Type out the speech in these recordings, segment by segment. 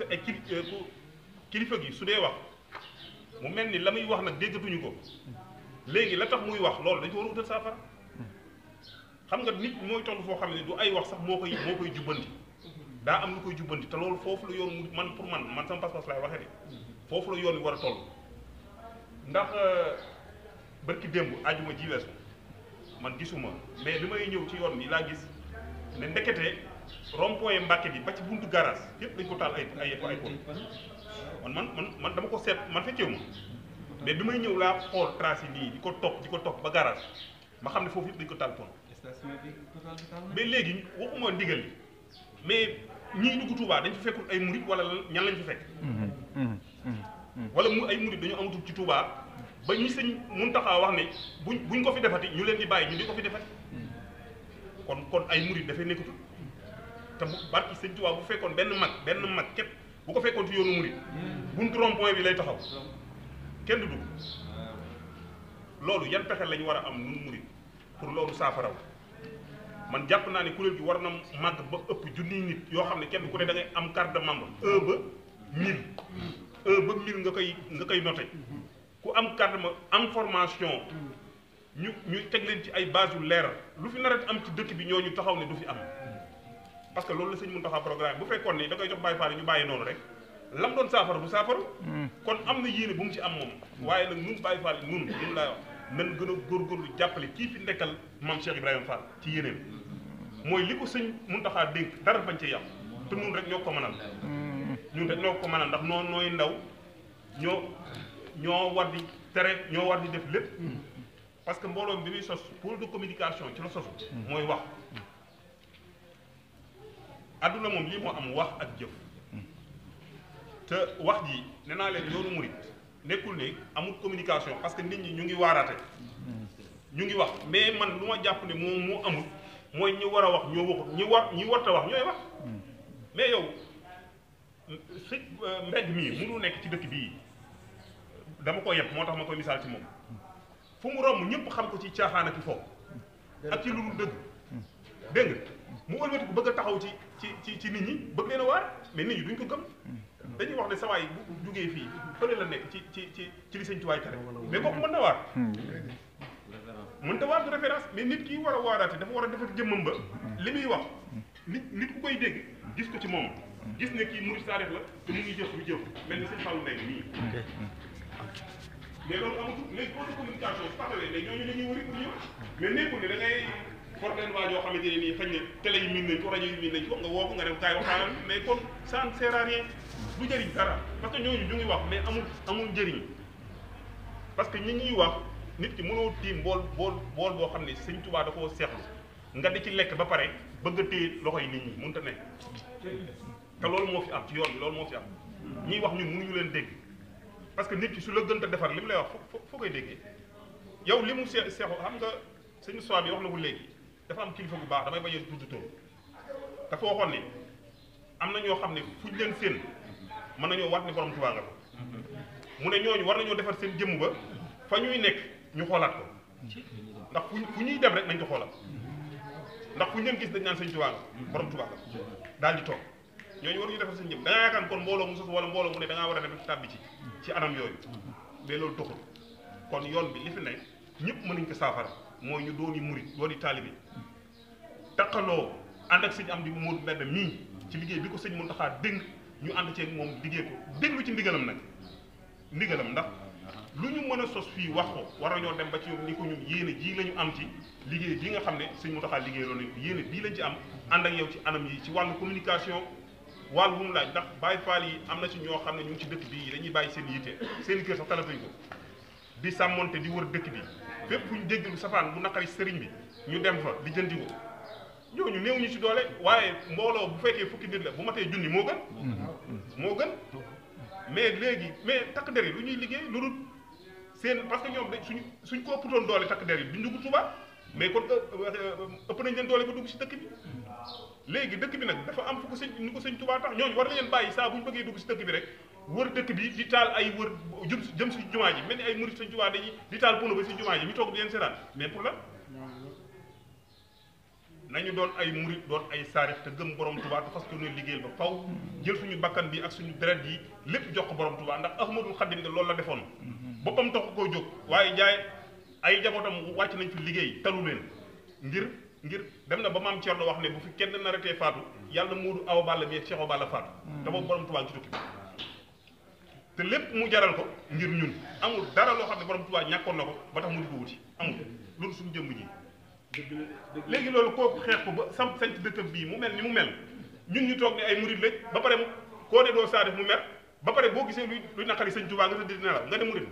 Eh, eh, kilifa gi su dee wax mu mel ni la muy wax nag déggatuñu ko léegi la tax muy wax loolu dañ ko war a utal saafara xam nga nit mooy toll foo xam ne du ay wax sax moo koy moo koy jubbandi daa am lu koy jubbandi te loolu foofu la yoon man pour man man sama pas-pas laay waxee foofu la yoon wi war a toll ndax euh, barki démb ajuma ji weesu man gisuma mais li may ñëw ci yoon bi laa gis ne ndekete rompo yang Mbàkke bi ba ci buntu garage yëpp dañ ko taal ay ay ay pône man man man man dama ko set man fekkewu ma mais bi may ñëw laa trace yi diko di diko top, di ba garage ma xam fofu foofu yëpp dañ ko taal pône mais léegi waxuma ndigal li mais ñii dugg Tuubaa dañ fi fekkul ay mourid wala ñan lañ fi fekk wala mu ay mourid dañu amatu ci Tuubaa ba ñu sëñ Muntaxa wax ne buñ ko fi defati ñu leen di bay ñu di ko fi defati kon kon ay murit dafay nekkatu te de barki sëñ bu benn mag benn mag képp bu ko ci yoonu buntu rond-point bi lay taxaw kenn du lolu wara am pour lolu saafaraw man japp naa ne kuréel gi Vous ba upp jooni nit yo xam ne kenn ku ne da ngay am carte de membre e ba 1000 un ba de nga koy nga koy noté ku am carte ma am formation ñu ñu teg leen ci ay base lu fi naret am ci dëkk bi ñu taxaw ne du fi am parce que loolu la sëñ Muntaxa programme bu fekkoon ni da koy jox Baay Faal ñu bàyyi noonu rek lam doon saafara bu saafara hmm. kon am na yéene bu mu ci am moom waaye nag nun Baay Faal nun nun laa wax nan gën a góorgóorlu jàppale kii fi nekkal maam Cheikh Ibrahima Fall ci yéneen mooy li ko sëñ Muntaxa dénk dara bañ ci yàq te nun rek ñoo ko mënal hmm. ñun rek ñoo ko mënal ndax noo nooy ndaw ñoo ñoo war di tere ñoo war di def lépp hmm. parce que mbooloo bi muy sos pôle de communication ci la mooy wax àdduna moom lii moo am wax ak jëf te wax ji nee naa leen yoonu murit nekkul ne amul communication parce que nit ñi ñu ngi waaraate ñu ngi wax mais man lu ma jàpp ne moom moo amul mooy ñi war a wax ñoo waxut ñi war ñi warta wax ñooy wax mais yow si euh, mbedd mii mënu nekk ci dëkk bii dama ko yem moo tax ma koy misaal ci moom fu mu romb ñëpp xam ko ci caaxaan ak ci foofu ak ci lu dul dëgg dégg mu wëlbati ko bëgg a taxaw ci ci ci ci nit ñi bëgg leen waar mais nit ñi duñ ko gëm dañuy wax ne sawaay bu jugee fii fële la nekk ci ci ci ci li sëñ tuwaay tere mais kooku mën na waar mën ta waar du mais nit ki war a waaraate dafa war a defar jëmmam ba li muy wax nit nit ku koy dégg gis ko ci moom gis ne kii murid saarix la te mu ngi jëf lu jëf mel ni sëñ Fallou Ndeye nii mais loolu amatul léegi communication su taxawee léegi ñooñu ne da for leen waa joo xamante ni nii xëy na télé yi miin nañ ko rajo yi miin nañ ko nga woo ko nga dem kaay waxtaan mais kon ça ne sert à rien du jëriñ dara parce que ñooñu ñu ngi wax mais amul amul njëriñ parce que ñi ñuy wax nit ki mënoo tiim bool bool bool boo xam ne sëñ Tuubaa da koo seexlu nga di ci lekk ba pare bëgg a téye loxo yi nit ñi mënut a nekk te loolu moo fi am ci yoon bi loolu moo fi am ñiy wax ñun mënuñu leen dégg parce que nit ki su la gën a defar li mu lay wax foo foo koy déggee yow li mu see xam nga sëñ Sow bi wax na ko léegi. dafa am kilifa bu baax damay bañ a tudd tur dafa waxoon ni am na ñoo xam ne fuñ leen seen mën nañoo wat ni borom Tuubaa nga mu ne ñooñu war nañoo defar seen jëmm ba fa ñuy nekk ñu xoolaat ko ndax fu ñuy dem rek nañ ko xoolaat ndax fu ñu leen gis dañ naan sëñ Tuubaa nga borom Tuubaa nga daal di toog ñooñu waruñu defar seen jëmm da ngaa yaakaar kon mbooloo mu sos wala mbooloo mu ne da war a def tàbbi ci ci anam yooyu mais loolu doxul kon yoon bi li fi ne ñëpp mën nañ ko saafara mooy ñu dooni murit dooni taalibe taqaloo ànd ak sëñ am di Modou Mbende mii ci liggéey bi ko sëñ Mountakha dénk ñu ànd ceeg moom liggéey ko déglu ci ndigalam nag ndigalam ndax lu ñu mën a sos fii wax ko war nañoo dem ba ci ni ko ñun yéene jii lañu ñu am ci liggéey bi nga xam ne sëñ Mountakha liggéey loolu nañ ko yéene bii lañ ci am ànd ak yow ci anam yi ci wàllu communication wàll wu mu laaj ndax Baye Fall yi am na ci ñoo xam ne ñu ngi ci dëkk bi dañuy bàyyi seen yitte seen kër sax talatuñ ko di sàmmonte di wër dëkk bi fépp fu ñu dégg lu safaan bu naqari sëriñ bi ñu dem fa li jëndi ko ñooñu néew ñu si doole waaye mbooloo bu fekkee fukki nit la bu matee junni moo gën. moo gën mais léegi mais takk der yi lu ñuy liggéey lu dul seen parce que ñoom dañ suñ suñ ko ëpputoon doole takk der yi duñ dugg Touba mais kon euh, ëpp nañ leen doole ba dugg si dëkk bi. léegi dëkk bi nag dafa am fu ko sëñ ni ko sëñ Touba tax ñooñu war nañ leen bàyyi saa bu ñu bëggee dugg ci dëkk bi rek. wër dëkk bi di taal ay wër jëm jëm si jumaa ji mel ni ay murit sa jumaa dañuy di taal pono ba si jumaa ji ñu toog di leen seetaan mais pour la nañu doon ay murit doon ay saarif te gëm borom Tuubaa te fas yéene liggéeyal ba faw jël suñu bakkan bi ak suñu deret yi lépp jox ko borom Tuubaa ndax Ahmadul Xadim de loolu la defoon boppam tax koo jóg waaye jaay ay jabootam wàcc nañ fi liggéey talu leen ngir ngir dem na ba maam Cerno wax ne bu fi kenn naratee faatu yàlla Moodu Awa Balla bi Cheikh Awa Balla faatu hmm. te boobu borom Tuubaa ci tukki te lépp mu jaral ko ngir ñun amul dara loo xam ne borom Tuubaa ñàkkoon na ko ba tax mu di ko wuti amul loolu suñu jëmm ji léegi loolu kooku xeex ko ba samp sanc dëkkam bii mu mel ni mu mel ñun ñu toog ne ay murid lañ ba pare koo ne doo saa mu mer ba pare boo gisee luy luy naqari sëñ Tuubaa nga sa dina la nga ne murid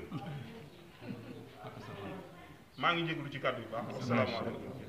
maa ngi jéglu ci kàddu yi baax asalaamaaleykum